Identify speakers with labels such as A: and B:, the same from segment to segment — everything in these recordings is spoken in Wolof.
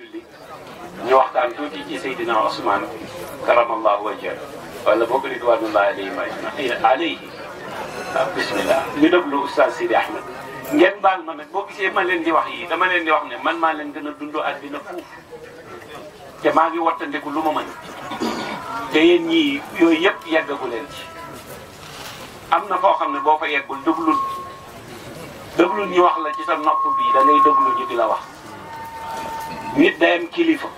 A: julli ñu waxtaan tuuti ci Seydina Ousmane karamallahu wajha wala boog ridwanullahi alayhi ma alayhi waaw ah, bismillah ñu déglu Oustaz Sidi Ahmed ngeen baal ma nag boo gisee ma leen di wax yi dama leen di wax ne man maa leen gën a dund àddina fuuf te maa ngi wattandiku lu ma mën te yeen ñii yooyu yëpp yeggagu leen ci am na foo xam ne boo fa yeggul déglul déglul ñu wax la ci sa nopp bii da ngay ji ñu la wax nit day kilifa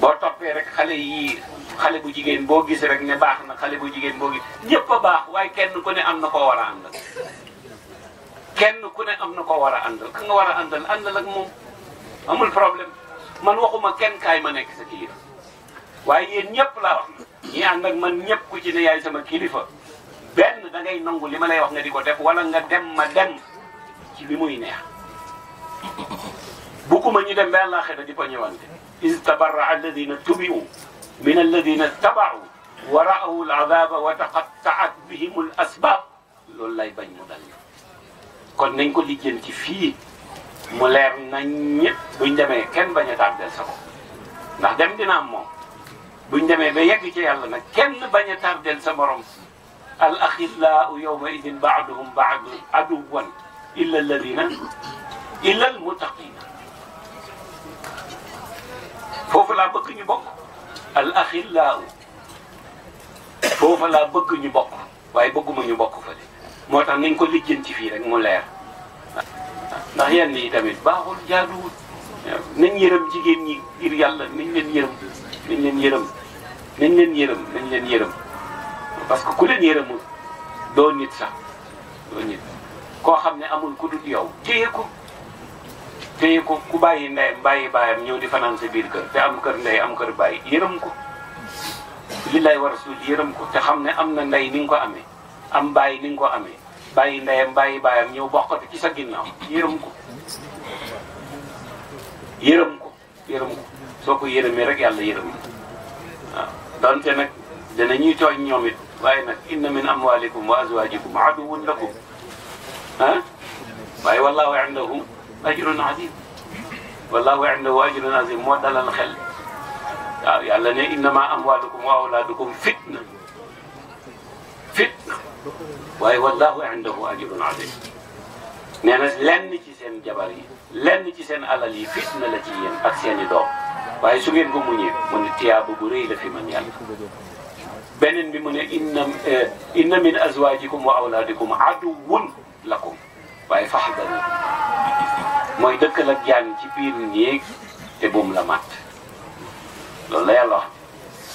A: boo toppee rek xale yii xale bu jigéen boo gis rek ne baax na xale bu jigéen boo gis a baax waaye kenn ku ne am na koo war a àndal kenn ku ne am na ko war a àndal ka nga war a àndal àndal ak moom amul problème man waxuma kenn kaay ma nekk sa kilifa waaye yéen ñëpp laa wax man ñëpp ku ci ne sama kilifa da ngay nangu li ma lay wax nga di ko def wala nga dem ma dem ci li muy neex. bugguma ñu dem ba àllaaxira di ko ñëwante iz tabarra alladina tubiu min alladina tabaau wa raaw alazaba wa taqattaat bihim al asbab loolu lay bañ mu dal kon nañ ko lijjanti fii mu leer nañ ñëpp buñ demee kenn bañ a tardel sa bopp ndax dem dina am moom buñ demee ba yegg ci yàlla nag kenn bañ a tardel sa morom al axillaau yawma idin baaduhum baadu aduwan illa alladina illa almutaqina foofu laa bëgg ñu bokk al axillaaw foofu laa bëgg ñu bokk waaye bëgguma ñu bokk fa de moo tax nañ ko liggéen ci fii rek mu leer ndax yenn yi tamit baaxul jaaduwul nañ yërëm jigéen ñi ngir yàlla nañ leen yërëm nañ leen yërëm nañ leen yërëm nañ leen yërëm parce que ku leen yërëmul doo nit sax doo nit koo xam ne amul ku dul yow téye ko te ku ku bàyyi ndeyam bàyyi baayam ñëw di fanaan sa biir kër te am kër ndey am kër bàyyi yërëm ko lillaay war suul yërëm ko te xam ne am na ndey ni nga ko amee am bàyyi ni ko amee bàyyi ndeyam bàyyi baayam ñëw bokkati ci sa ginnaaw yërëm ko yërëm ko yërëm ko soo ko yërëmee rek yàlla yërëm la waaw donte nag dana ñuy tooñ ñoom it waaye nag inna min amwalikum wa azwajikum aduwun lakum ah waaye wallahu indahu ajrun azim wallahu indahu ajrun azim moo dalal xel waaw yàlla ne innama amwalukum wa awladukum fitna fitna waaye wallahu indahu ajrun azim nee na lenn ci seen jabar yi lenn ci seen alal yi fitna la ci yéen ak seen i doom waaye su ngeen ko muñee mu ne tiyaaba bu rëy la fi man yàlla beneen bi mu ne inna inna min azwajikum wa awladikum aduwwun lakum waaye faxdaru mooy dëkkal ak jaam ci biir néeg te buum la mat loolu la yàlla wax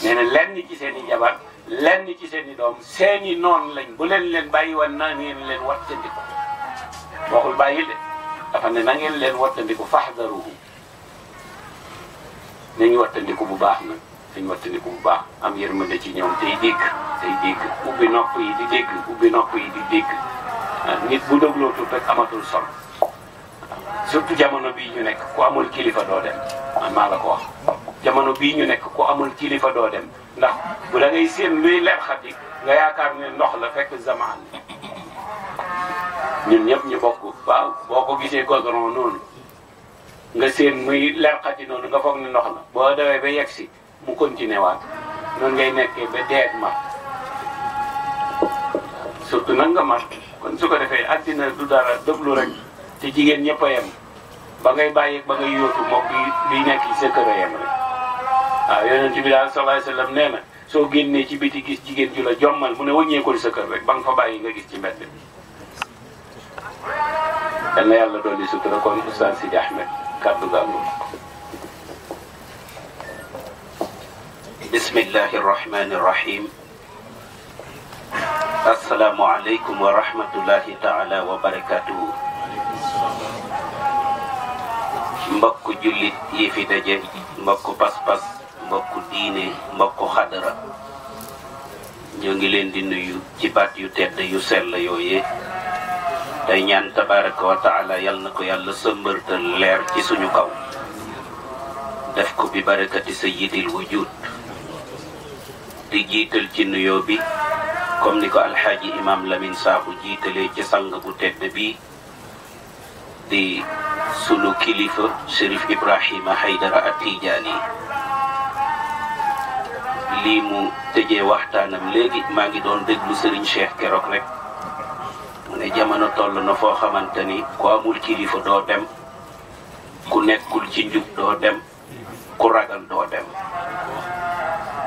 A: lenn ci seen i jabar lenn ci seen i doom seen i noon lañ bu leen leen bàyyi woon na ngeen leen wattandiku waxul bàyyi de dafa ne na ngeen leen wattandiku faxdaruhu nañ wattandiku bu baax nag dañ wattandiku bu baax am yërmande ci ñoom tey dégg tey dégg bi nopp yi di dégg ubbi nopp yi di dégg nit bu déglootul rek amatul sol surtout jamono bii ñu nekk ku amul kilifa doo dem man maa la ko wax jamono bii ñu nekk ku amul kilifa doo dem ndax bu da séen luy leer xati nga yaakaar ne ndox la fekk zamaan ñun ñëpp ñu bokk waaw boo ko gisee goudron noonu nga séen muy leer xati noonu nga foog ne ndox la boo dawee ba yegg si mu continué waat noonu ngay nekkee ba dee ak mar surtout nag nga kon su ko defee addina du dara déglu rek te jigéen ñëpp a yem ba ngay bàyyi ba ngay yóotu moom bi bi nekk ci sa a yem rek waaw ah, yonent bi daal sallallahu alayhi wasallam nee soo génnee ci biti gis jigéen ju la jommal mu ne wëññeekul sa kër rek ba nga fa bàyyi nga gis ci mbedd bi dal na yàlla dolli sutura kon oustaz Sidi Ahmed kàddu gàllu bismillahi rahmani rahim asalaamu aleykum wa rahmatullahi taala wa barakatuhu mbokk jullit yi fi daje mbokk pas-pas mbokku diine mbokku xadara ñoo ngi leen di nuyu ci baat yu tedd yu sell yooyee tey ñaan tabaraka wa taala na ko yàlla sëmbërtal leer ci suñu kaw def ko bi barakati sayyidil wujud di jiital ci nuyoo bi comme ni ko alxaaji imam Lamine Saabu jiitalee ci sang bu tedd bi di sunu kilifa Chérif Ibrahima Haydara at yi lii mu tëjee waxtaanam léegi maa ngi doon déglu Serigne Cheikh keroog rek mu jamono toll na foo xamante ni ku amul kilifa doo dem ku nekkul ci njub doo dem ku ragal doo dem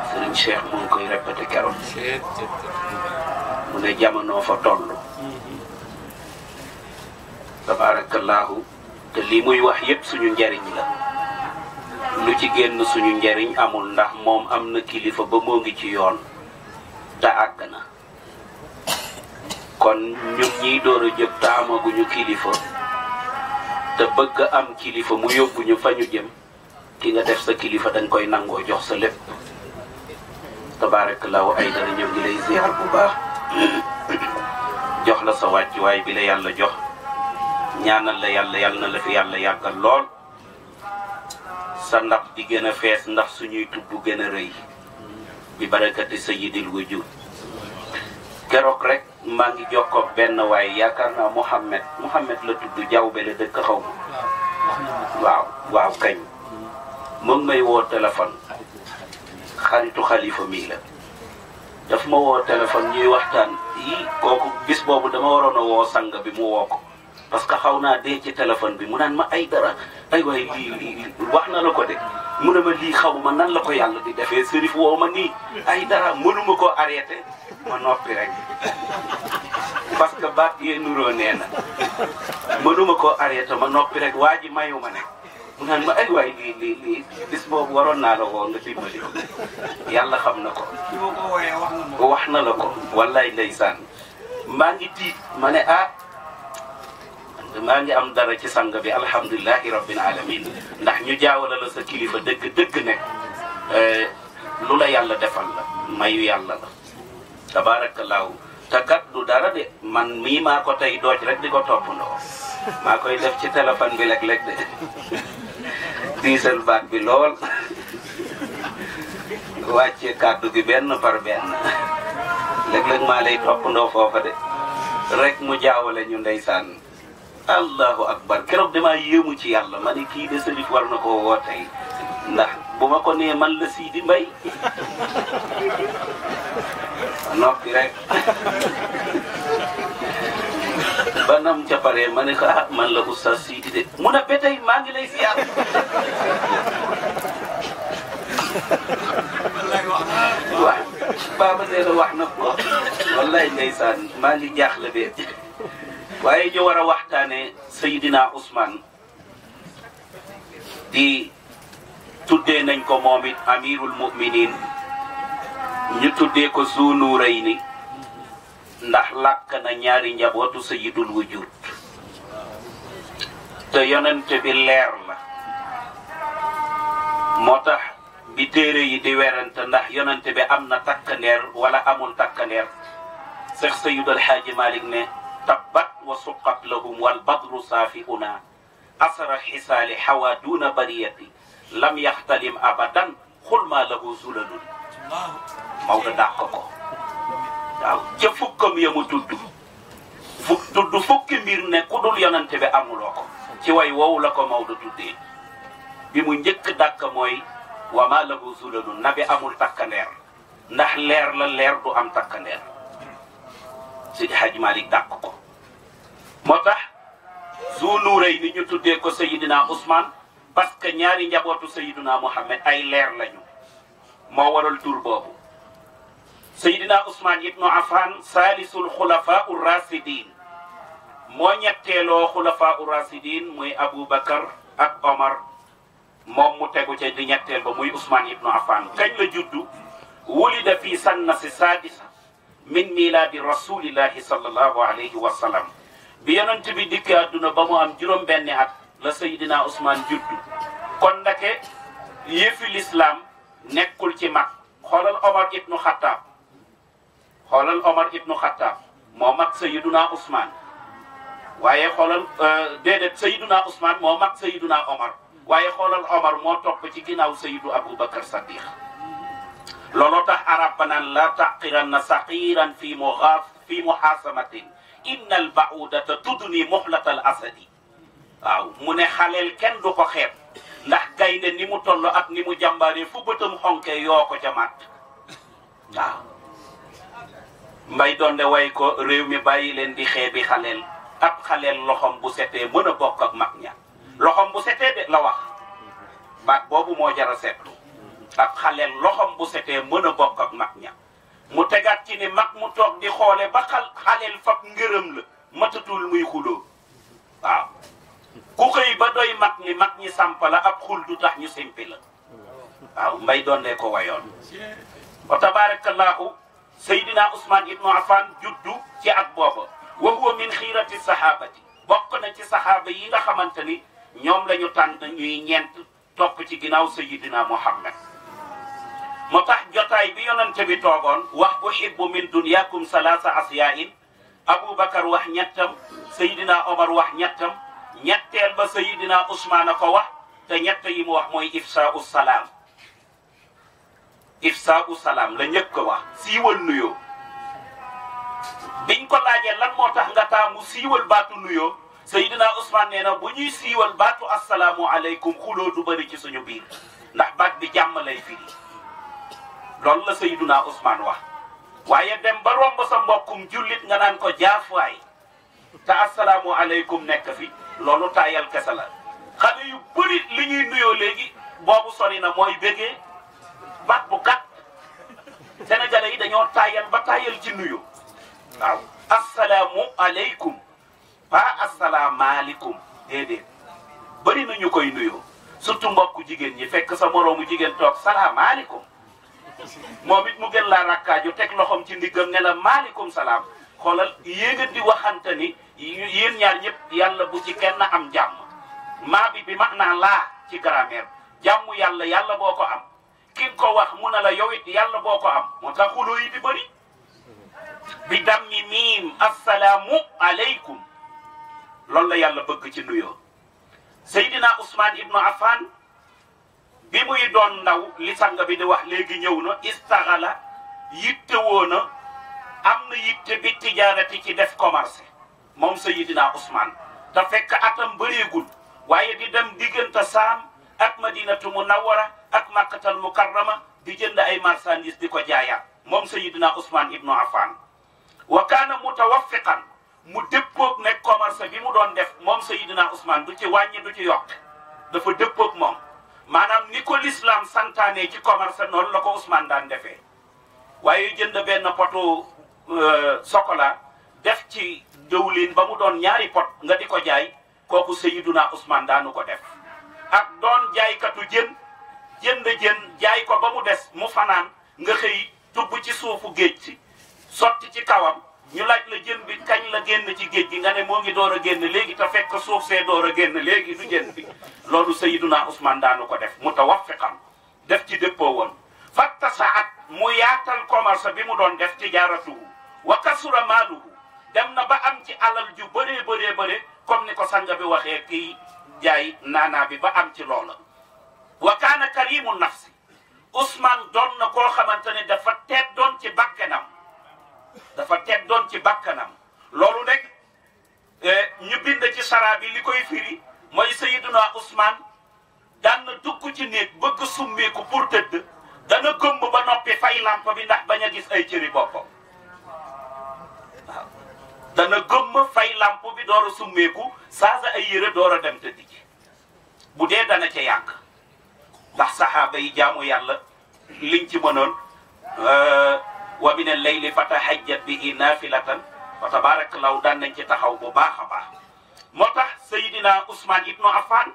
A: Serigne Cheikh mu koy répété keroog mu jamono fa toll. tabaarakallaahu te lii muy wax yépp suñu njariñ la lu ci génn suñu njariñ amul ndax moom am na kilifa ba moo ngi ci yoon te àgg na kon ñun ñiy door a jëp te kilifa te bëgg am kilifa mu yóbbuñu fa ñu jëm ki nga def sa kilifa dañ koy nangoo jox sa lépp tabaarakallaahu ay dara ñëw ngi lay ziar bu baax jox la sa wàccuwaay bi la yàlla jox ñaanal la yàlla yàlla na la fi yàlla yàggal lool sa ndax di gën a fees ndax suñuy tudd gën a rëy bi barakati sayyidil wujud keroog rek maa ngi jokkoo benn waaye yaakaar naa Mouhamed Mouhamed la tudd jawbe la dëkk xaw ma waaw waaw kañ mu may woo téléphone xaritu xalifa mii la daf ma woo téléphone ñuy waxtaan yi kooku bis boobu dama waroon a woo sang bi mu woo ko parce que xaw naa dee ci téléphone bi mu naan ma ay dara ay waay lii lii wax na la ko de mu na ma lii xaw ma nan la ko yàlla di defee sërif woo ma nii ay dara mënuma koo arrêté ma noppi rek parce que baat yee nuroo nee na mënuma koo arrêté ma noppi rek waa ji mayu ma ne mu naan ma ay waay lii lii lii bis boobu waroon naa la woo nga dimbali yàlla xam na ko wax na la ko wallaay ndeysaan maa ngi tiit ma ne ah maa ngi am dara ci sang bi alhamdulilahi rabbil alamin ndax ñu jaawale la sa kilifa dëkk dëgg ne eh, lu la yàlla defal la mayu yàlla la tabaarakallaahu te du dara de man mii maa ko tey dooj rek di ko toppandoo maa koy def ci téléphone bi léeg-léeg de diisal baat bi lool wàcce kàddu gi benn par benn léeg-léeg maa lay toppandoo foofa de rek mu jaawale ñu ndeysaan allahu akbar keroog damaa yéemu ci yàlla ma kii de sëriñ war na koo woo tey ndax bu ma ko nee man la Sidi Mbaye noppi rek ba nam ca paree ma ne ko ah, man la oustaz Sidi de mu ne ba maa ngi lay siyaar waaw maa ngi jaaxle bee waaye ñu war a waxtaane Seydina usmaan di tuddee nañ ko moom it amirul muminin ñu tuddee ko ni ndax làkk na ñaari njabootu Sayyidul Wujud te yonente bi leer la moo tax bi téere yi di werant ndax yonente bi am na takkandeer wala amul takkandeer Seex Sayyidul Xaaji Malik ne tabbat wa suqat lahum wal badru saafihuna asara xisaali xawa duuna bariyati lam yaxtalim abadan xulma lahu zulalul Maodo dàq ko waaw fukkam ya mu tudd fukki mbir ne ku dul yonante bi amuloo ko ci way woowu la ko Maodo tuddee bi mu njëkk dàq wa ma lahu zulalul nabi amul takkandeer ndax leer la leer du am takkandeer Seydi Hadji Malick dàq ko moo tax Zu Nuurayni ni ñu tuddee ko Seydina Ousmane parce que ñaari njabootu Seydina Mohamed ay leer lañu moo waral tur boobu Seydina Ousmane ibnu Affan saalisul xulafaa u rasidin moo ñetteeloo xulafaa u rasidin muy Aboubacar ak Omar moom mu tegu ca di ñetteel ba muy Ousmane ibnu Affan kañ la juddu wulida fii sannasi saadisa min miilaadi rasulillahi sallallahu alayhi wa sallam bi yonent bi dikk àdduna ba mu am juróom benni at la Seydina Ousmane juddu kon ndake yëfi lislaam nekkul ci mag xoolal Omar ibnu Xattaab xoolal Omar ibnu Xattaab moo mag Seydina Ousmane waaye xoolal euh, déedéet Seydina Ousmane moo mag Seydina Omar waaye xoolal Omar moo topp ci ginnaaw Seydou Aboubacar Saddiq looloo tax arab ba naan la taqiranna saqiran fi muxaaf fi muxaasamatin inna al baudata tudni muxlat al asadi waaw mu ne xaleel kenn du ko xeeb ndax gaynde ni mu toll ak ni mu jàmbaaree fu bëtam xonke yoo ko ca màtt waaw mbay doon way ko réew mi bàyyi leen di xeebi xaleel ab xaleel loxom bu setee mën a bokk ak mag ña loxom bu setee de la wax baat boobu moo jara seetlu ak xale loxom bu setee mën a bokk ak mag ña mu tegaat ci ni mag mu toog di xoole ba xal xaleel fab ngërëm la matatul muy xuloo waaw ku xëy ba doy mag ni mag ñi samp la ab xul du tax ñu simpi la waaw mbay doondee ko wayoon wa tabarakallahu saydina ousmane ibnu affan juddu ci at booba wa huwa min xiirati sahabati bokk na ci saxaaba yi nga xamante ni ñoom la ñu tànn ñuy ñeent topp ci ginnaaw sayidina muhammad moo tax jotaay bi yonente bi toogoon wax uhibbu min dunyakum salaasa asyaa'in Aboubacar wax ñettam Seydina Omar wax ñettam ñetteel ba Seydina Ousmane a ko wax te ñett yi wax mooy ifsaa'u salaam ifsaa'u salaam la ñëkk wax siiwal nuyo biñ ko laajee lan moo tax nga taamu siiwal baatu nuyo Seydina Ousmane nee na bu ñuy siiwal baatu asalaamu aleykum xuloo du bëri ci suñu biir ndax baat bi jàmm lay firi loolu la Sayyiduna Ousmane wax waaye dem ba romb sa mbokkum jullit nga naan ko jaafuwaay te asalaamu aleykum nekk fi loolu taayal kese la xale yu bëri li ñuy nuyoo léegi boobu sori na mooy bégee baat bu gàtt sénégalais yi dañoo taayal ba taayal ci nuyu waaw asalaamu aleykum pas asalaamaaleykum déedéet bëri na ñu koy nuyoo surtout mbokku jigéen ñi fekk sa moroomu jigéen toog salaamaaleykum moom it mu gën laa rakkaaju teg loxom ci ndiggam ne la maaleykum salaam xoolal yéen di waxante ni yéen ñaar ñëpp yàlla bu ci kenn am jàmm maa bi bi maanaa laa ci grammaire jàmm yàlla yàlla boo ko am ki ko wax mu na la yow yàlla boo ko am moo tax xuloo yi di bëri bi dammi miim assalaamu aleykum loolu la yàlla bëgg ci nuyoo Seydina Ousmane Ibnu Affan bi muy doon ndaw li sàng bi di wax léegi ñëw na istaxala yitte woo na am na yitte bi tijaarati ci def commerce moom Seydina Ousmane da fekk atam bëreegul waaye di dem diggante saam ak madinatu munawwara ak makkatal mukarrama di jënd ay marchandise di ko jaayaat moom Seydina Ousmane ibnu Affan wa kaana mutawaffiqan mu dëppoog nekk commerce bi mu doon def moom sa Seydina Ousmane du ci wàññi du ci yokk dafa dëppoog moom maanaam ni ko l'islam santaane ci commerce noonu la ko Ousmane daan defee waaye jënd benn potu sokola euh, def ci dëwlin ba mu doon ñaari pot nga di ko jaay kooku Seyiduna Ousmane daanu ko def ak doon jaaykatu jën jënd jën jaay ko ba mu des mu fanaan nga xëy tubb ci suufu géej si sotti ci kawam ñu laaj la jën bi kañ la génn ci géej gi nga ne moo ngi door a génn léegi te fekk suuf see door a génn léegi du jën bi loolu Sayyiduna Usmaan daanu ko def mu wax tawaffiqan def ci dëppoo woon sa at mu yaatal commerce bi mu doon def tijaaratuhu wa kasura maaluhu dem na ba am ci alal ju bëree bëree bëri comme ni ko sànga bi waxee kii jaay naanaa bi ba am ci loola wa kaana karimu nafsi Usmaan doon na koo xamante ne dafa teet doon ci bakkenam dafa teddoon ci bakkanam loolu nag eh, ñu bind ci sara bi li koy firi mooy Sayyiduna Ousmane daan na dugg ci néeg bëgg summeeku pour tëdd dana gëmb ba noppi fay lamp bi ndax bañ a gis ay cëri boppam waaw dana gëmb fay lamp bi door a summeeku saa sa ay yére door a dem tëdd ji bu dee dana ca yàgg ndax saxaaba yi jaamu yàlla liñ ci mënoon eh, wa min al-layli fatahajjat bihi naafilatan fa tabaarakallaahu daan nañ ci taxaw bu baax a baax moo tax Seydina Ousmane Ibnu Affan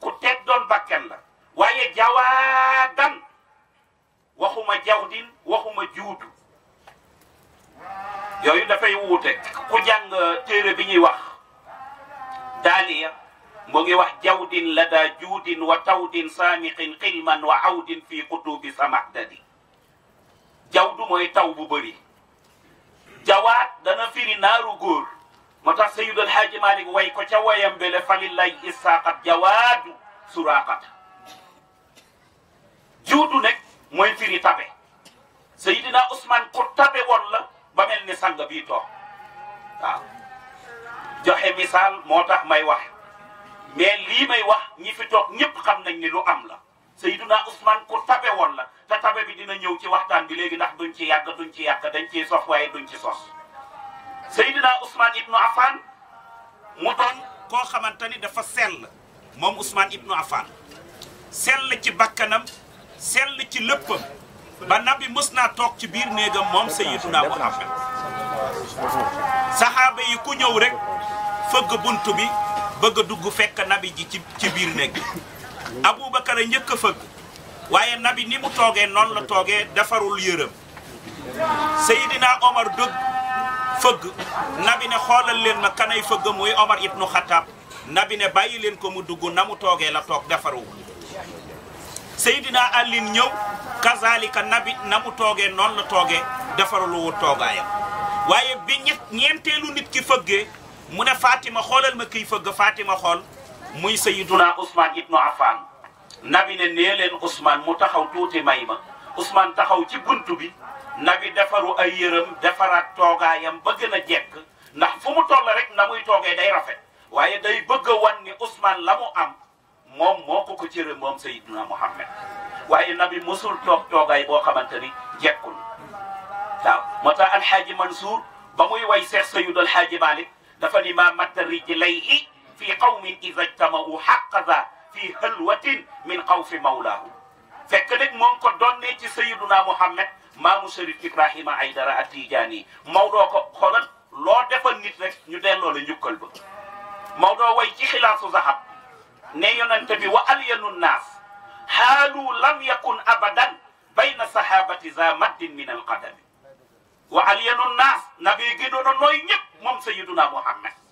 A: ku teg doon bakken la waaye jawaadan waxuma jawdin waxuma juudu yooyu dafay wuute ku jàng téere bi ñuy wax daaliya mu ngi wax jawdin la daa juudin wa tawdin saamiqin xilman wa awdin fii qutuubi samadadi jawdu mooy taw bu bëri jawaat dana firi naaru góor moo tax Seyyid El Hadji way ko ca wayam bele falilay issaaqat jawaadu suraaqat juudu nekk mooy firi tabe Seydina Ousmane ku tabe woon la ba mel ni sang bii toog joxe misaal moo tax may wax mais lii may wax ñi fi toog ñëpp xam nañ ni lu am la Seydina Ousmane ku tabe woon la te tabe bi dina ñëw ci waxtaan bi léegi ndax duñ ci yàgg duñ ci yàgg dañ ciy sof waaye duñ ci sos Seydina Ousmane ibnu Affan mu doon koo xamante ni dafa sell moom Ousmane ibnu Affan sell ci bakkanam sell ci léppam ba nabi mës naa toog ci biir néegam moom Seydina Muhammad saxaaba yi ku ñëw rek fëgg bunt bi bëgg dugg fekk nabi ji ci biir néeg bi Aboubacar a njëkk a fëgg waaye nabi ni mu toogee noonu la toogee defarul yërëm Seydina Omar dëgg fëgg nabi ne xoolal leen ma kanay fëgg muy Omar ibnu Xattaab nabi ne bàyyi leen ko mu dugg na mu toogee la toog defaru Seydina Alin ñëw kazalika nabi na mu toogee noonu la toogee defarul wu toogaayam waaye bi ñeenteelu nit ki fëggee mu ne Fatima xoolal ma kiy fëgg Fatima xool muy sayiduna Ousmane ibnu Affan nabi ne nee leen mu taxaw tuuti may ma Ousmane taxaw ci buntu bi nabi defaru ay yëram defaraat toogaayam ba na a jekk ndax fu mu toll rek na muy toogee day rafet waaye day bëgg a usmaan ni la mu am moom moo ko ko cëre moom sayiduna Muhammad waaye nabi mosul toog toogaay boo xamante ni jekkul waaw moo tax alxaaji Mansour ba muy way seex sayid alxaaji Malik dafa ni maa matta rijlayhi fi qawmin ida ijtamau xaqada fi halwatin min xawfi mawlaahu fekk nag moom ko donnee ci sayiduna Muhammad maamu Sharif Ibrahima Aydara Atijaani Maodo ko xoolal loo defal nit rek ñu delloo la njukkal ba Maodo way ci xilaasu zahab ne yonente bi wa alyanu nnaas xaalu lam yakun abadan bayna sahabati za maddin min alqadami wa alyanu nnaas nabi gi doon nooy ñëpp moom sayiduna Muhammad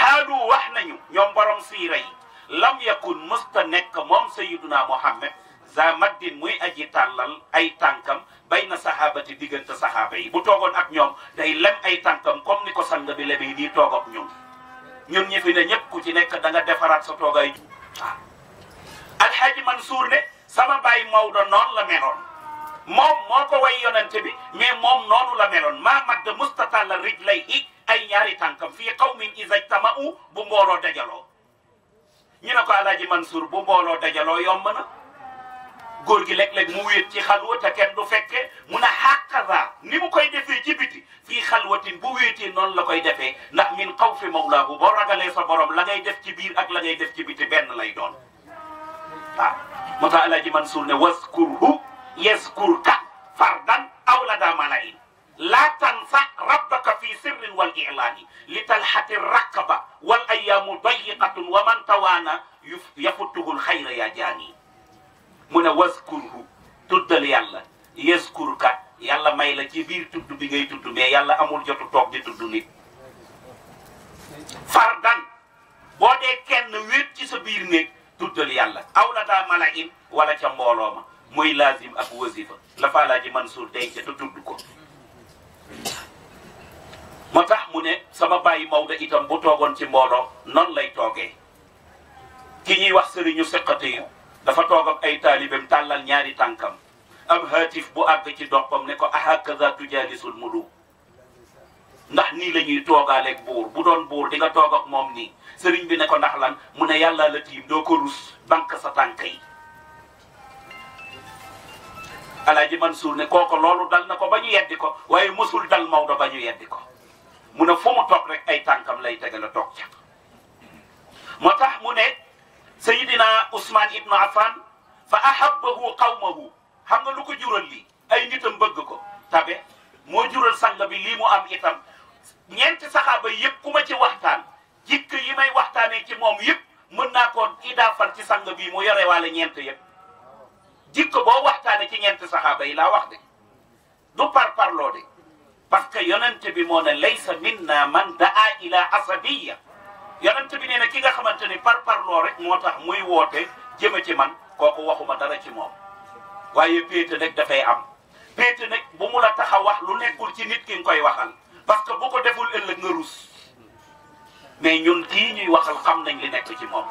A: xaadu wax nañu ñoom borom siira yi lam yakun mësta nekk moom sayiduna muhammad za maddin muy aji tàllal ay tànkam bay na saxaabati diggante saxaaba yi bu toogoon ak ñoom day lem ay tànkam comme ni ko sang bi lebee nii toog ak ñun ñun ñi fi ne ñëpp ku ci nekk danga defaraat sa toogaay waaw ah. alxaaji Mansuur ne sama baay Maodo noonu la meloon moom moo ko way yonente bi mais moom noonu la meloon maa madda musta tàllal rijlayhi ay ñaari tànkam fii qawmin izaj tama'u bu mbooloo dajaloo ñu ne ko alaaji Mansour bu mbooloo dajaloo yomb na góor gi léeg-léeg mu wéet ci xalwa te kenn du fekke mun a hakaza ni mu koy defee ci biti fii xalwatin bu wéetee noonu la koy defee ndax min xawfi mawlaahu boo ragalee sa borom la ngay def ci biir ak la ngay def ci biti benn lay doon waaw ah, moo tax alaaji Mansour ne waskurhu yaskurka fardan aw la daa malayin laa tansa rabbaka fi sirrin wal ilaani li talxati rakaba wal ayaamu dayiqatun wa man tawaana yafutuhu lxayra yaa jaani mu ne waskurhu tuddal yàlla yaskurka yàlla may la ci biir tudd bi ngay tudd mais yàlla amul jotu toog di tudd nit fardan boo dee kenn wéet ci sa biir néeg tuddal yàlla aw la daa mala in wala ca mbooloo ma muy laazim ak wasifa la faa laa ji Mansuur day ca te tudd ko moo tax mu ne sama bàyyi Maodo itam bu toogoon ci mbooloo noonu lay toogee ki ñuy wax sëriñu seqati yu dafa toog ak ay taalibeem tàllal ñaari tànkam am haatif bu àgg ci doppam ne ko ahakaza tujaalisul muluk ndax nii la ñuy toogaaleeg buur bu doon buur di nga toog ak moom nii sëriñ bi ne ko ndax lan mu ne yàlla la tiim doo ko rus banque sa tànk yi man Mansuur ne kooku loolu dal na ko ba ñu yeddi ko waaye mësul dal Maodo ba ñu yeddi ko mu ne fu mu toog rek ay tànkam lay tegale toog ca moo tax mu ne sayidina Ousmane ibnu Affan fa ahabbahu qawmahu xam nga lu ko jural lii ay nitam bëgg ko tabe moo jural sang bi lii mu am itam ñeenti saxaaba yëpp ku ma ci waxtaan jikk yi may waxtaanee ci moom yëpp mën naa ko idaafal ci sang bi mu yore waale ñeent yëpp jikk boo waxtaanee ci ñeenti saxaaba yi laa wax de du par parloo de parce que yonente bi moo ne laysa minna man daa ila asabiya yonente bi nee na ki nga xamante ni par parloo rek moo tax muy woote jëme ci man kooku waxuma dara ci moom waaye péete nag dafay am péete nag bu mu la tax a wax lu nekkul ci nit ki nga koy waxal parce que bu ko deful ëllëg nga rus mais ñun kii ñuy waxal xam nañ li nekk ci moom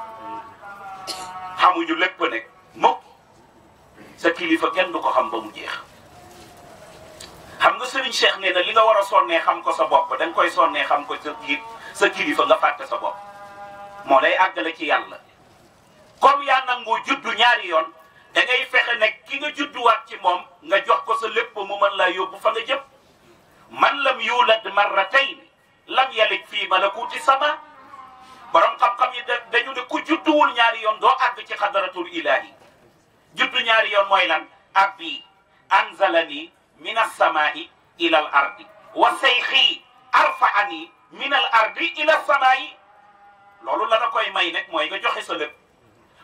A: xamuñu lépp nag mukk sa kilifa kenn du ko xam ba mu jeex xam nga Serigne Cheikh nee na li nga war a sonnee xam ko sa bopp da koy sonnee xam ko sa kii sa kilifa nga fàtte sa bopp moo lay àggale ci yàlla. comme yaa nangoo juddu ñaari yoon da ngay fexe ne ki nga judduwaat ci moom nga jox ko sa lépp mu mën laa yóbbu fa nga jëm man lam yuulad marratayn lam yalid fii ma malakuuti sama borom xam-xam yi dañu ne ku judduwul ñaari yoon doo àgg ci xadaratul ilaahi juddu ñaari yoon mooy lan abbi anzalani min alsamai ila al ardi wa sayxi arfaani min al ardi ila samaayi loolu la la koy may nag mooy nga joxe sa lépp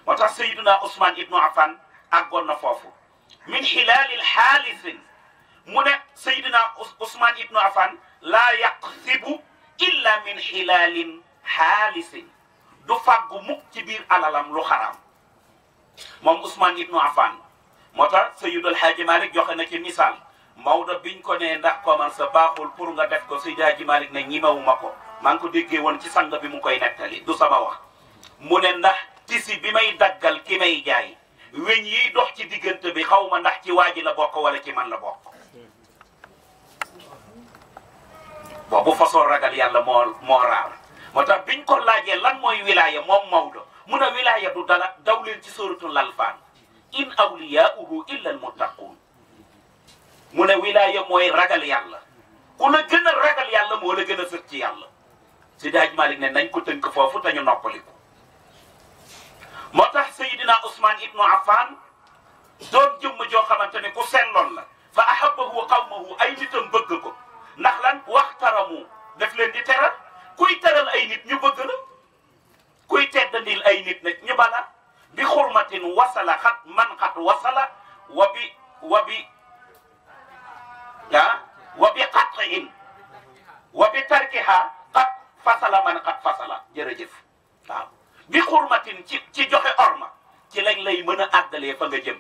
A: moo tax sayiduna Ousmane ibnu Affan àggoon na foofu min xilaalil xaalisin mu ne sayiduna Ousmane ibnu Affan laa yaqsibu illa min xilaalin xaalisin du fàggu mukk ci biir alalam lu xaraam moom Ousmane ibnu Affan moo tax sayidul xaaji Malik joxe na ci misaal Maodo biñ ko nee ndax commence baaxul pour nga def ko si jaaji Malick ne ñimewuma ko maa ngi ko déggee woon ci sang bi mu koy nettali du sama wax mu ne ndax tisi bi may daggal ki may jaay weñ yiy dox ci diggante bi xaw ma ndax ci waa ji la bokk wala ci man la bokk boobu façon ragal yàlla moo moo raar moo tax biñ ko laajee lan mooy wilaaya moom Maodo mun a wilaaya du dala daw leen ci sóoratul Anfaal in awliyaa'uhu moo al muttaquun mu ne wilaaya mooy ragal yàlla ku la gën a ragal yàlla moo la gën a sët ci yàlla Seydi Hadj Malick ne nañ ko tënk foofu te ñu noppaliku moo tax Seydina Ousmane Ibnu Affan doon jëmm joo xamante ne ku selloon la fa ahabbahu qawmahu ay nitam bëgg ko ndax lan waxtaramu def leen di teral kuy teral ay nit ñu bëgg la kuy teddandil ay nit nag ñu bala bi xurmatin wasala xat fa nga jëm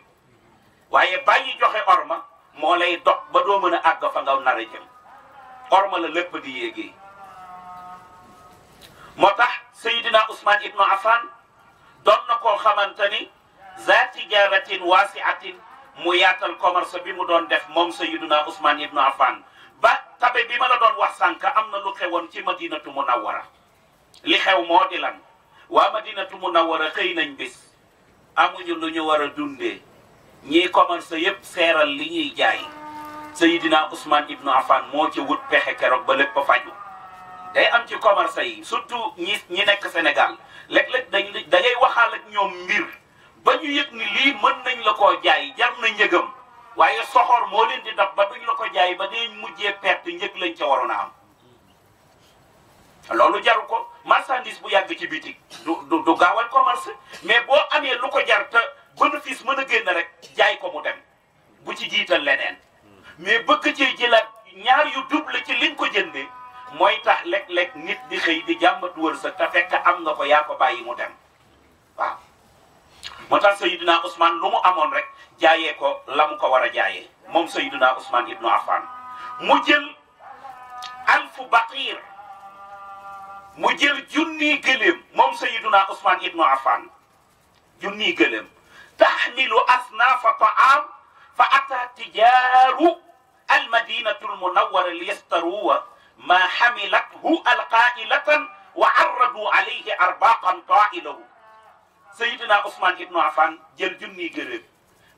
A: waaye bàyyi joxe orma moo lay dog ba doo mën a àgg fa nga nar a jëm orma la lépp di yéegee moo tax Seydina Ousmane Ibnu Affan doon na koo xamante ni za tijaratin waasiatin mu yaatal commerce bi mu doon def moom Seydina Ousmane Ibnu Affan ba tabe bi ma la doon wax sànq am na lu xewoon ci madinatu munawwara li xew moo di lan waa madinatu munawwara xëy nañ bis amuñu lu ñu war a dundee ñiy commerce yépp seeral li ñuy jaay Seydina Ousmane Ibnu Affan moo ci wut pexe keroog ba lépp a faju day am ci commerce yi surtout ñi ñi nekk Sénégal léeg-léeg dañ da waxaal ak ñoom mbir ba ñu yëg ni lii mën nañ la ko jaay jar na njëgam waaye soxor moo leen di dab ba duñ la ko jaay ba dee mujjee perte njëg lañ ca waroon a am loolu jaru ko marchandise bu yàgg ci bitik du du gaawal commerce mais boo amee lu ko jar te bénéfice mën a génn rek jaay ko mu dem bu ci jiital leneen mais bëgg cee jëlaat ñaar yu double ci liñ ko jëndee mooy tax lekk-lekk nit di xëy di jàmbat wërsëg te fekk am nga ko yaa ko bàyyi mu dem waaw moo tax Seydina Ousmane lu mu amoon rek jaayee ko la mu ko war a jaayee moom Seydina Ousmane ibnu Affan mu jël alfu baqir mu jël junniy gëléem moom sayiduna Ousmane ibnu Affan junniy gëléem taxmilu asnaafa taam fa ata tijaaru almadinatu almunawara liyastaruwa ma xamilathu alqaailatan wa arradu alayhi arbaqan taailahu sayiduna Ousmane ibnu Affan jël junniy gëléem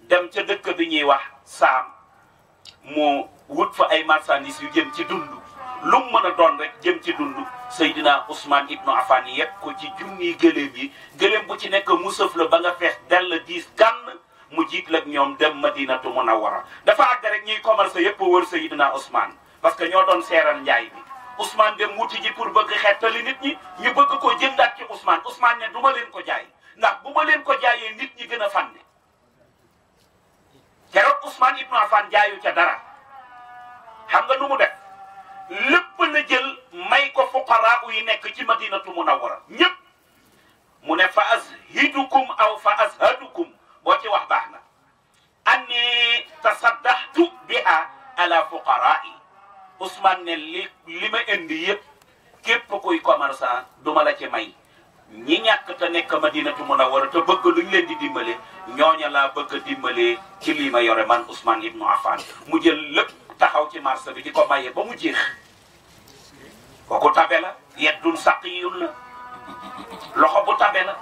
A: dem ca dëkk bi ñuy wax saam mu wut fa ay marchandises yu jëm ci dund lu mu mën a doon rek jëm ci dund Seydina Ousmane Ibnu Affan yépp ko ci junniy gëléem yi gëléem bu ci nekk mu sëf la ba nga fees dell diis gànn mu jiit la ak ñoom dem Madinatu Munawwara dafa àgg rek ñuy commerce yépp wër Seydina Ousmane parce que ñoo doon seeral njaay bi Ousmane dem wuti ji pour bëgg xettali nit ñi ñu bëgg ko jëndaat ci Ousmane Ousmane ne du ma leen ko jaay ndax bu ma leen ko jaayee nit ñi gën a fànne keroog Ousmane Ibnu Affan jaayu ca dara xam nga nu mu def lépp na jël may ko fuqaraa yi nekk ci madinatu munawwara ñëpp mu ne fa azhidukum aw fa azhadukum boo ci wax baax na anni tasaddaxtu biha ala fuqaraa yi Ousmane ne li li ma indi yëpp képp kuy commerçant duma la ci may ñi ñàkk te nekk madinatu munawwara te bëgg luñ leen di dimbale ñooña laa bëgg a dimbale ci lii ma yore man Ousmane ibnu Affan mu jël lépp taxaw ci marché bi di ko maye ba mu jeex kooku tabe la yeddul sàq yun la loxo bu tabe la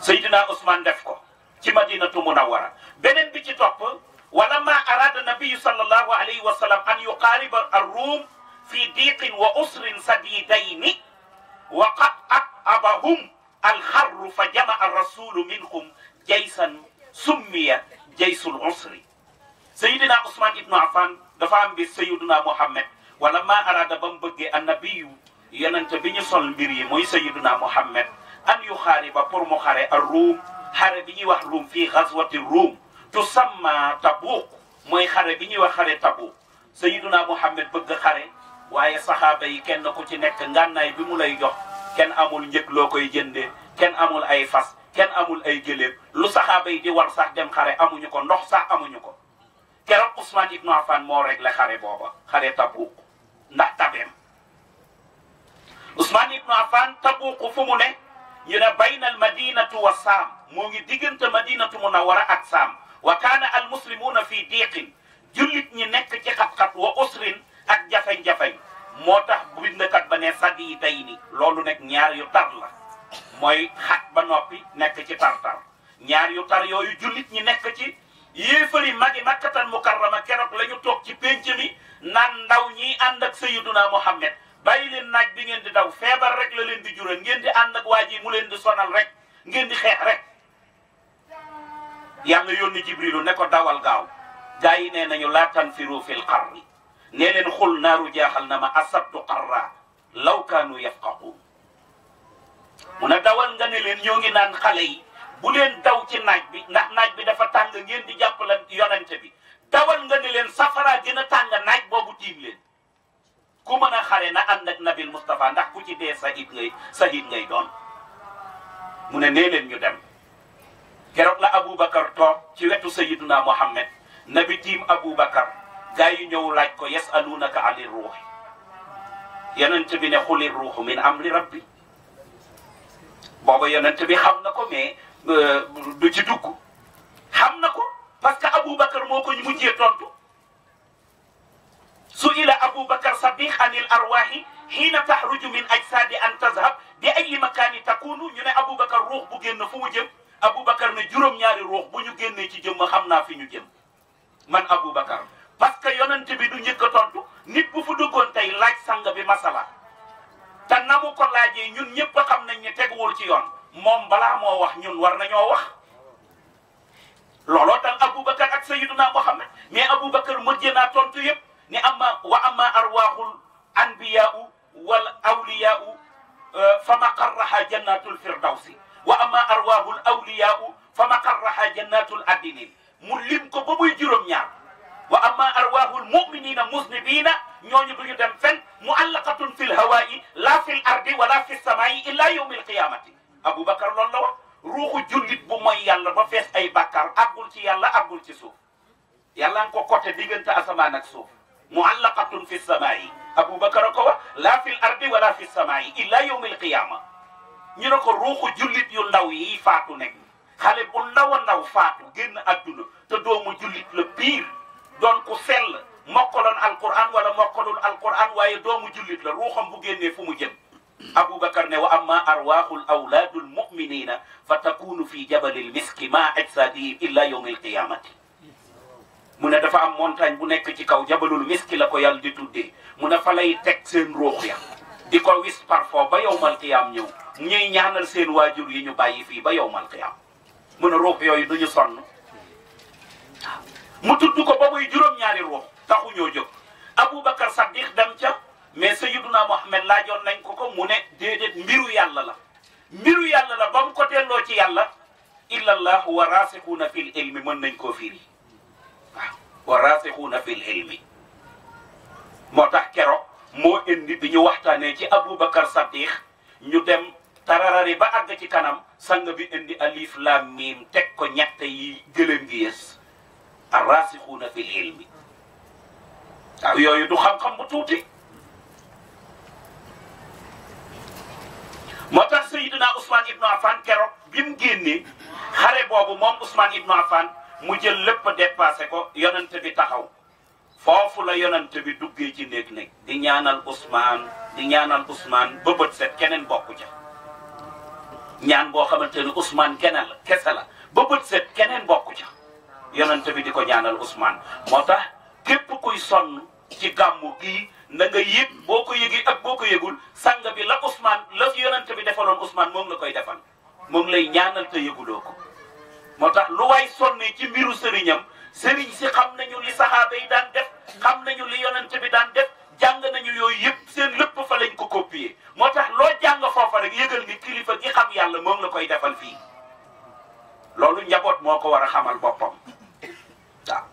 A: Seydina Ousmane def ko ci madinatu munawwara beneen bi ci topp wala ma arada nabiyu sallallahu alayhi wa sallam an yuqaariba ar-ruum fi diiqin wa usrin sadidayni wa qad at'abahum alxarru fa jamaa rasulu minhum jaysan summiya jaysul usri Seydina Ousmane Ibnu Affan dafa am bi Seydina Mohamed wala ma araada ba mu bëggee annabiyu yonente bi ñu sol mbir yi mooy Seydina Mohamed an yu xaari ba pour mu xare ak ruum xare bi ñuy wax ruum fii xaswati ruum tu samma tabuuk mooy xare bi ñuy wax xare tabuuk Seydina Mohamed bëgg xare waaye saxaaba yi kenn ku ci nekk ngànnaay bi mu lay jox kenn amul njëg loo koy jëndee kenn amul ay fas kenn amul ay gëléem lu saxaaba yi di war sax dem xare amuñu ko ndox sax amuñu ko. keroog Ousmane Ibn Affan moo réglé xare booba xare Tabuuk ndax tabeem Ousmane Ibn Affan Tabuuk fu mu ne ñu ne baynal madinatu wa saam moo ngi diggante madinatu munawwara ak saam wa kaana al muslimuuna fii diiqin jullit ñi nekk ci xat-xat wa usrin ak jafeñ-jafeñ moo tax bindkat ba ne sadi day ni loolu nekk ñaar yu tar la mooy xat ba noppi nekk ci tar-tar ñaar yu tar yooyu jullit ñi nekk ci yéefari magi makkatan mukarrama keroog la ñu toog ci pénc mi naan ndaw ñiy ànd ak sayiduna Muhammad bàyyi leen naaj bi ngeen di daw feebar rek la leen di jural ngeen di ànd ak waa ji mu leen di sonal rek ngeen di xeex rek yàlla yónni jibrilu ne ko dawal gaaw gaa ne nañu laa tanfiru fil xarri nee leen xul naaru jaaxal na ma asabtu xarra law kaanu yafqaquun mu ne dawal nga ne leen ñoo ngi naan xale yi bu leen daw ci naaj bi ndax naaj bi dafa tàng ngeen di jàppale yonente bi dawal nga ni leen safara gën a tàng naaj boobu tiim leen ku mën a xare na ànd ak nabil Moustapha ndax ku ci dee sahid ngay sahid ngay doon mu ne nee leen ñu dem keroog la Aboubacar toog ci wetu sayiduna Mohammed nabi tiim Aboubacar gaa yu ñëw laaj ko yasalunaka ani ruuxi yonent bi ne xuli ruuxu am amri rabbi booba yonent bi xam na ko mais du ci dugg xam na ko parce que Aboubacar moo ko mujjee tontu su ila Aboubacar sabih anil arwahi xiina taxruju min ajsaadi an tazhab bi ayi makaani takunu ñu ne Aboubacar ruux bu génn fu mu jëm Aboubacar ne juróom-ñaari ruux bu ñu génnee ci jëm ma xam naa fi ñu jëm man Aboubacar parce que yonent bi du njëkk a tontu nit bu fu duggoon tey laaj sang bi masala te na mu ko laajee ñun ñëpp xam nañ ne teguwul ci yoon. moom balaa moo wax ñun war nañoo wax looloo tax Aboubacar ak Sayyiduna Muhammad mais Aboubacar mujjee naa tontu yëpp ni amma wa amma arwaaxul anbiyaau wal awliyaau euh, fa maqarraha jannatul firdawsi wa amma arwaaxul awliyaau fa maqarraha jannatul addinin mu lim ko ba muy juróom-ñaar wa amma arwaaxul muminina musnibiina ñooñu du ñu dem fenn muallaqatun fil hawaa'i laa fil ardi wala fis samaa'i illa yawmil qiyaamati Aboubacar loolu la wax ruuxu jullit bu mooy yàlla ba fees ay bàkkaar àggul ci yàlla aggul ci suuf yàlla nga ko côté diggante asamaan ak suuf muallaqatun fi samaa'i Aboubacar ko wax laa fil ardi wala fi samaa'i illa yawmil qiyaama ñu ne ko ruuxu jullit yu ndaw yi faatu nekk xale bu ndaw a ndaw faatu génn adduna te doomu jullit la pire doon ku sell mokkaloon alquran wala mokkalul alquran waaye doomu jullit la ruuxam bu génnee fu mu jëm. aboubacar ne wa amma arwahul awlaadul muminina fa takunu fi jabalil miski ma ajsadihim illa yawm alqiyamati mu ne dafa am montagne bu nekk ci kaw jabalul miski la ko yàlla di tuddee mu ne fa lay teg seen ruux ya di ko wis parfo ba yowmal qiyam ñëw ñuy ñaanal seen waajur yi ñu bàyyi fii ba yowmal qiyam mu ne ruux yooyu duñu sonn mu tudd ko ba muy juróom-ñaari ruux taxu ñoo jóg aboubacar saddiq dem ca mais Sayyiduna Muhammad laajoon nañ ko ko mu ne déedéet mbiru yàlla la mbiru yàlla la ba mu ko delloo ci yàlla illallah wa raasixuuna fil ilmi mën nañ koo firi waaw wa raasixuuna fil ilmi moo tax keroog moo indi bi ñu waxtaanee ci Aboubacar Saddiq ñu dem tararari ba àgg ci kanam sang bi indi alif lam miim teg ko ñett yi gëlëm gi yées ar raasixuuna fil ilmi yooyu du xam-xam bu tuuti. Seydina Ousmane Ibn Affan keroog bi mu génnee xare boobu moom Ousmane Ibn Affan mu jël lépp dépassé ko yonent bi taxaw foofu la yonent bi duggee ci néeg néeg di ñaanal Ousmane di ñaanal Ousmane ba bët set keneen bokku ca ñaan boo xamante ne Ousmane keneen kese la ba set keneen bokku ca yonent bi di ko ñaanal Ousmane moo tax képp kuy sonn ci gàmmu gii na nga yëg boo ko yëgee ak boo ko yëgul sang bi la Ousmane la yonent bi defaloon Ousmane moom la koy defal moom lay ñaanal te yëguloo ko moo tax lu waay sonnee ci mbiru sëriñam sëriñ si xam nañu li saxaaba yi daan def xam nañu li yonent bi daan def jàng nañu yooyu yëpp seen lépp fa lañ ko copier moo tax loo jàng foofa rek yëgal ni kilifa gi xam yàlla moom la koy defal fii loolu njaboot moo ko war a xamal boppam waaw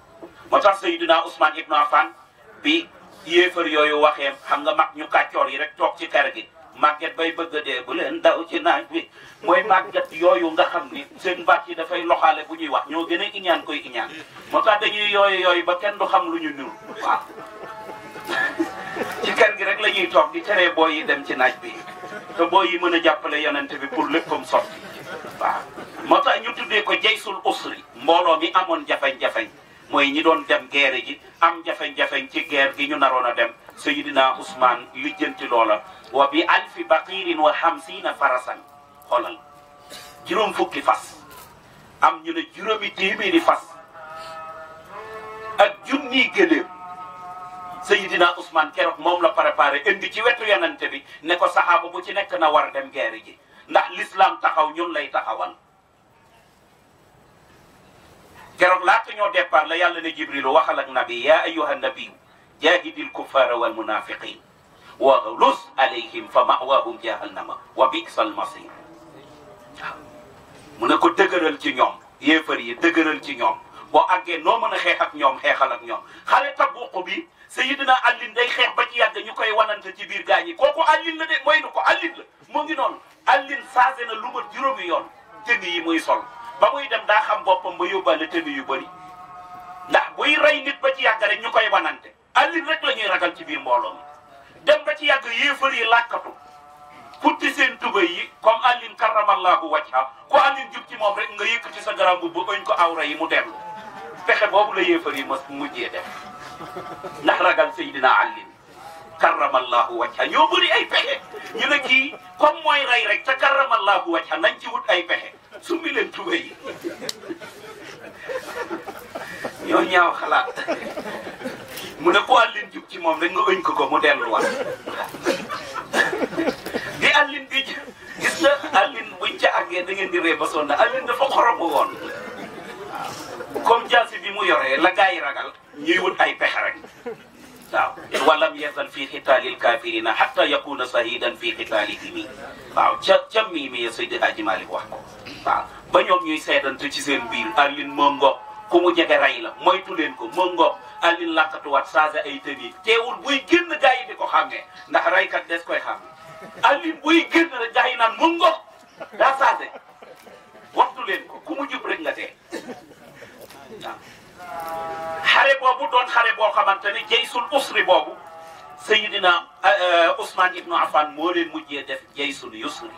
A: moo tax Seydina Ousmane Ibn Affan bi yéefar yooyu waxee xam nga mag ñu kàccoor yi rek toog ci kër gi màgget bay bëgg a dee bu leen daw ci naaj bi mooy màgget yooyu nga xam ni seen baat yi dafay loxaale bu ñuy wax ñoo gën a iñaan koy iñaan moo tax dañuy yooyu yooyu ba kenn du xam lu ñu nuru waaw ci kër gi rek lañuy toog di teree booy yi dem ci naaj bi te booy yi mën a jàppale yonente bi pour léppam sotti waaw moo tax ñu tuddee ko jaysul usri mbooloo mi amoon jafeñ-jafeñ mooy ñi doon dem guerre ji am jafe-jafe ci guerre gi ñu naroon a dem sayidina Ousmane lijjanti loola wa bi alfi baqirin wa xamsiina farasan xoolal juróom fukki fas am ñu ne juróomi téeméeri fas ak junniy gëléem sayidina Ousmane keroog moom la préparé indi ci wetu yonante bi ne ko saxaaba bu ci nekk na war dem guerre ji ndax l'islam taxaw ñun lay taxawal keroog laata ñoo départ la yàlla ne jibril waxal ak nabi yaa ayyuha nabiyu jaahidil kuffaara wal munaafiqiin waxlus alayhim fa mawaahum jahannama wa bi masiir waaw mu ne ko dëgëral ci ñoom yéefar yi dëgëral ci ñoom boo àggee noo mën a xeex ak ñoom xeexal ak ñoom xale Tabuuk bi Sayyidina Ali day xeex ba ci yàgg ñu koy wanante ci biir gaañ yi kooku Ali la de mooy nu ko Ali la moo ngi noonu Ali saase na lu mat juróomi yoon jënd yi muy sol. ba muy dem daa xam boppam ba yóbbaale tëdd yu bëri ndax buy rey nit ba ci yàgg rek ñu koy wanante àllin rek la ñuy ragal ci biir mbooloo mi dem ba ci yàgg yéefar yi làkkatu futti seen tubay yi comme àllin karamallahu wajha ku àllin jub ci moom rek nga yëkkati sa garam bu ëñ ko awra yi mu dellu pexe boobu la yéefar yi mas mujjee def ndax ragal Seydina àllin karamallahu wajha ñoo bëri ay pexe ñu ne kii comme mooy rey rek te karamallahu wajha nañ ci wut ay pexe summi leen tubé ñoo ñaaw xalaat mu ne ko àllin jub ci moom rek nga ëñ ko ko mu delluwaat di àllin di gis ca àggee da ngeen di ree ba sonn àllin dafa xorom bu woon waaw jaasi bi mu yoree la gaa yi ragal ñuy wut ay pexe rek waaw walam yazal fi xitaalil kaafirina xatta yakuna sahidan ca ca mii mi Seydi Hadji Malick wax ko waaw ba ñoom ñuy seedantu ci seen biir Aline moo ku mu jege rey la moytu leen ko moo ngoog Aline làkkatuwaat changé ay tëni teewul buy génn gars yi ko xàmmee ndax reykat des koy xàmme Aline buy génn rek gars yi naan daa changé waxtu leen ko ku mu jub rek nga tee waaw. xare boobu doon xare boo xamante ne jaysul usri boobu Seydina euh, Ousmane Ibnu Affan moo leen mujjee def jaysul yusri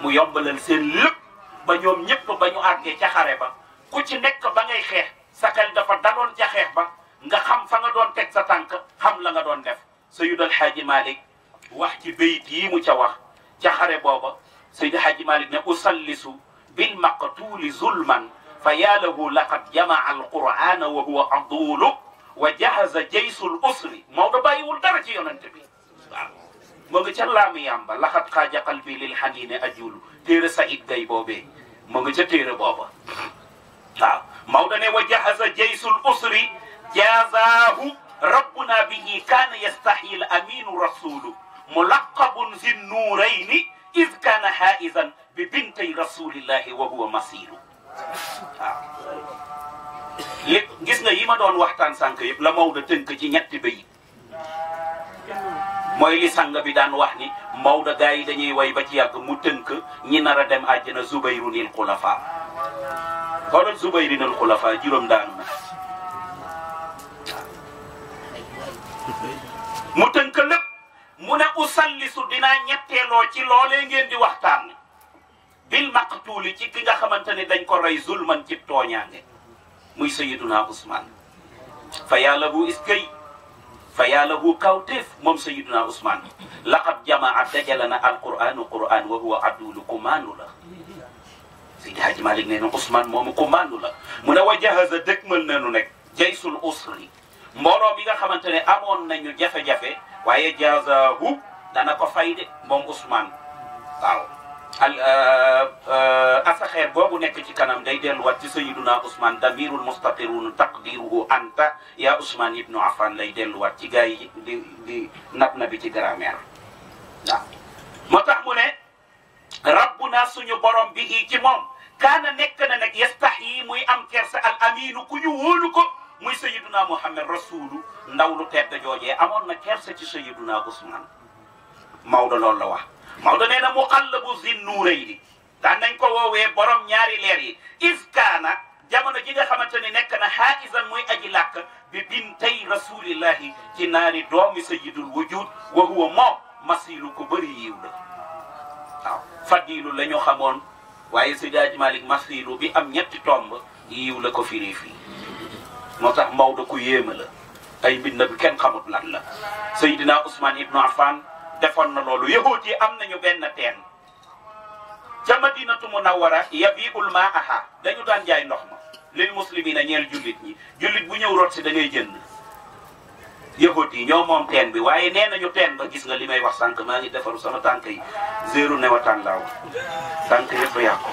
A: mu yombalal seen lépp. ba ñoom ñëpp ba ñu àggee ca xare ba ku ci nekk ba ngay xeex sa xel dafa daloon ca xeex ba nga xam fa nga doon teg sa tànk xam la nga doon def Seydi El Hadji Malick wax ci bayit yi ca wax ca xare booba Seydi Hadji Malick ne usallisu bil maqtuuli zulman fa yaa lahu laqad jamaa alqurana wa huwa adulu wa jahaza jaysul usri Maodo bàyyiwul dara ci yonente bi waaw ma nga ca laamu yàmba laxat xaaja qalbi lil xandine ajulu téere Saïd Gay boobee ma nga ca téere booba waaw Maodo ne wa jahaza jaysul bihi kaana yastaxyi l rasulu mulaqabun zi nuurayni iz kaana xaaizan bi bintay rasulillahi wa huwa masiru gis nga yi ma doon waxtaan sànq yëpp la Maodo tënk ci ñetti bayit mooy li sang bi daan wax ni Maodo gars yi dañuy woy ba ci yàgg mu tënk ñi nar a dem àjjana Zubayru nil xulafa xoolal Zubayru nil xulafa juróom daanu na mu tënk lépp mu ne usallisu dinaa ñetteeloo ci loolee ngeen di waxtaan bil maqtuuli ci ki nga xamante ne dañ ko rey zulman ci tooñaange muy sayiduna Usmaan fa yàlla bu iskay fa yaa lahu kawtéef moom sayiduna Ousmane laqad jamaa dajale na alquranu quran wa huwa abdulu kumaanu la Seydi Hadji Malick nee na Ousmane moomu kumaanu la mu ne wa jahaza dëgmal nañu nag jaysul usri mbooloo bi nga xamante ne amoon nañu jafe-jafe waaye jahazahu dana ko fay de moom Ousmane waaw Euh, euh, asaxeer boobu nekk ci kanam day delluwaat ci sayiduna Ousmane damirul mustatirun taqdiruhu anta yaa Ousmane ibnu Affan lay delluwaat ci gars yi di di nab na bi ci grammaire waaw moo tax mu ne rabbuna suñu borom bi i ci moom kaana nekk na nag yastaxyi muy am kersa al aminu ku ñu wóolu ko muy sayiduna Muhammad rasulu ndaw lu tedd joojee amoon na kersa ci sayiduna Ousmane Maodo loolu la wax Maodo nee na mu xallabu zin nuurayni daan nañ ko woowee boroom ñaari leer yi iskaana jamono ji nga xamante ni nekk na xaaisan muy aji làkk bi bintay rasulillahi ci naari doomi sayidul wujud wa huwa moom masiru ko bëri yiw la waaw fadilu la xamoon waaye Seydi Hadji Malick bi am ñetti tomb yiw la ko firi fii moo tax Maodo ku yéema la ay mbind bi kenn xamut lan la Seydina Ousmane Ibnu Affan defoon na loolu yahuud yi am nañu benn teen ca madinatu munawwara yabiul maaha dañu daan jaay ndox ma lil muslimina ñeel jullit ñi julit bu ñëw root si da ngay jënd yahuud yi ñoo moom bi waaye nee nañu teen ba gis nga li may wax sànq maa ngi defaru sama tànk yi zéro newatan laaw tànk yëpp yàqu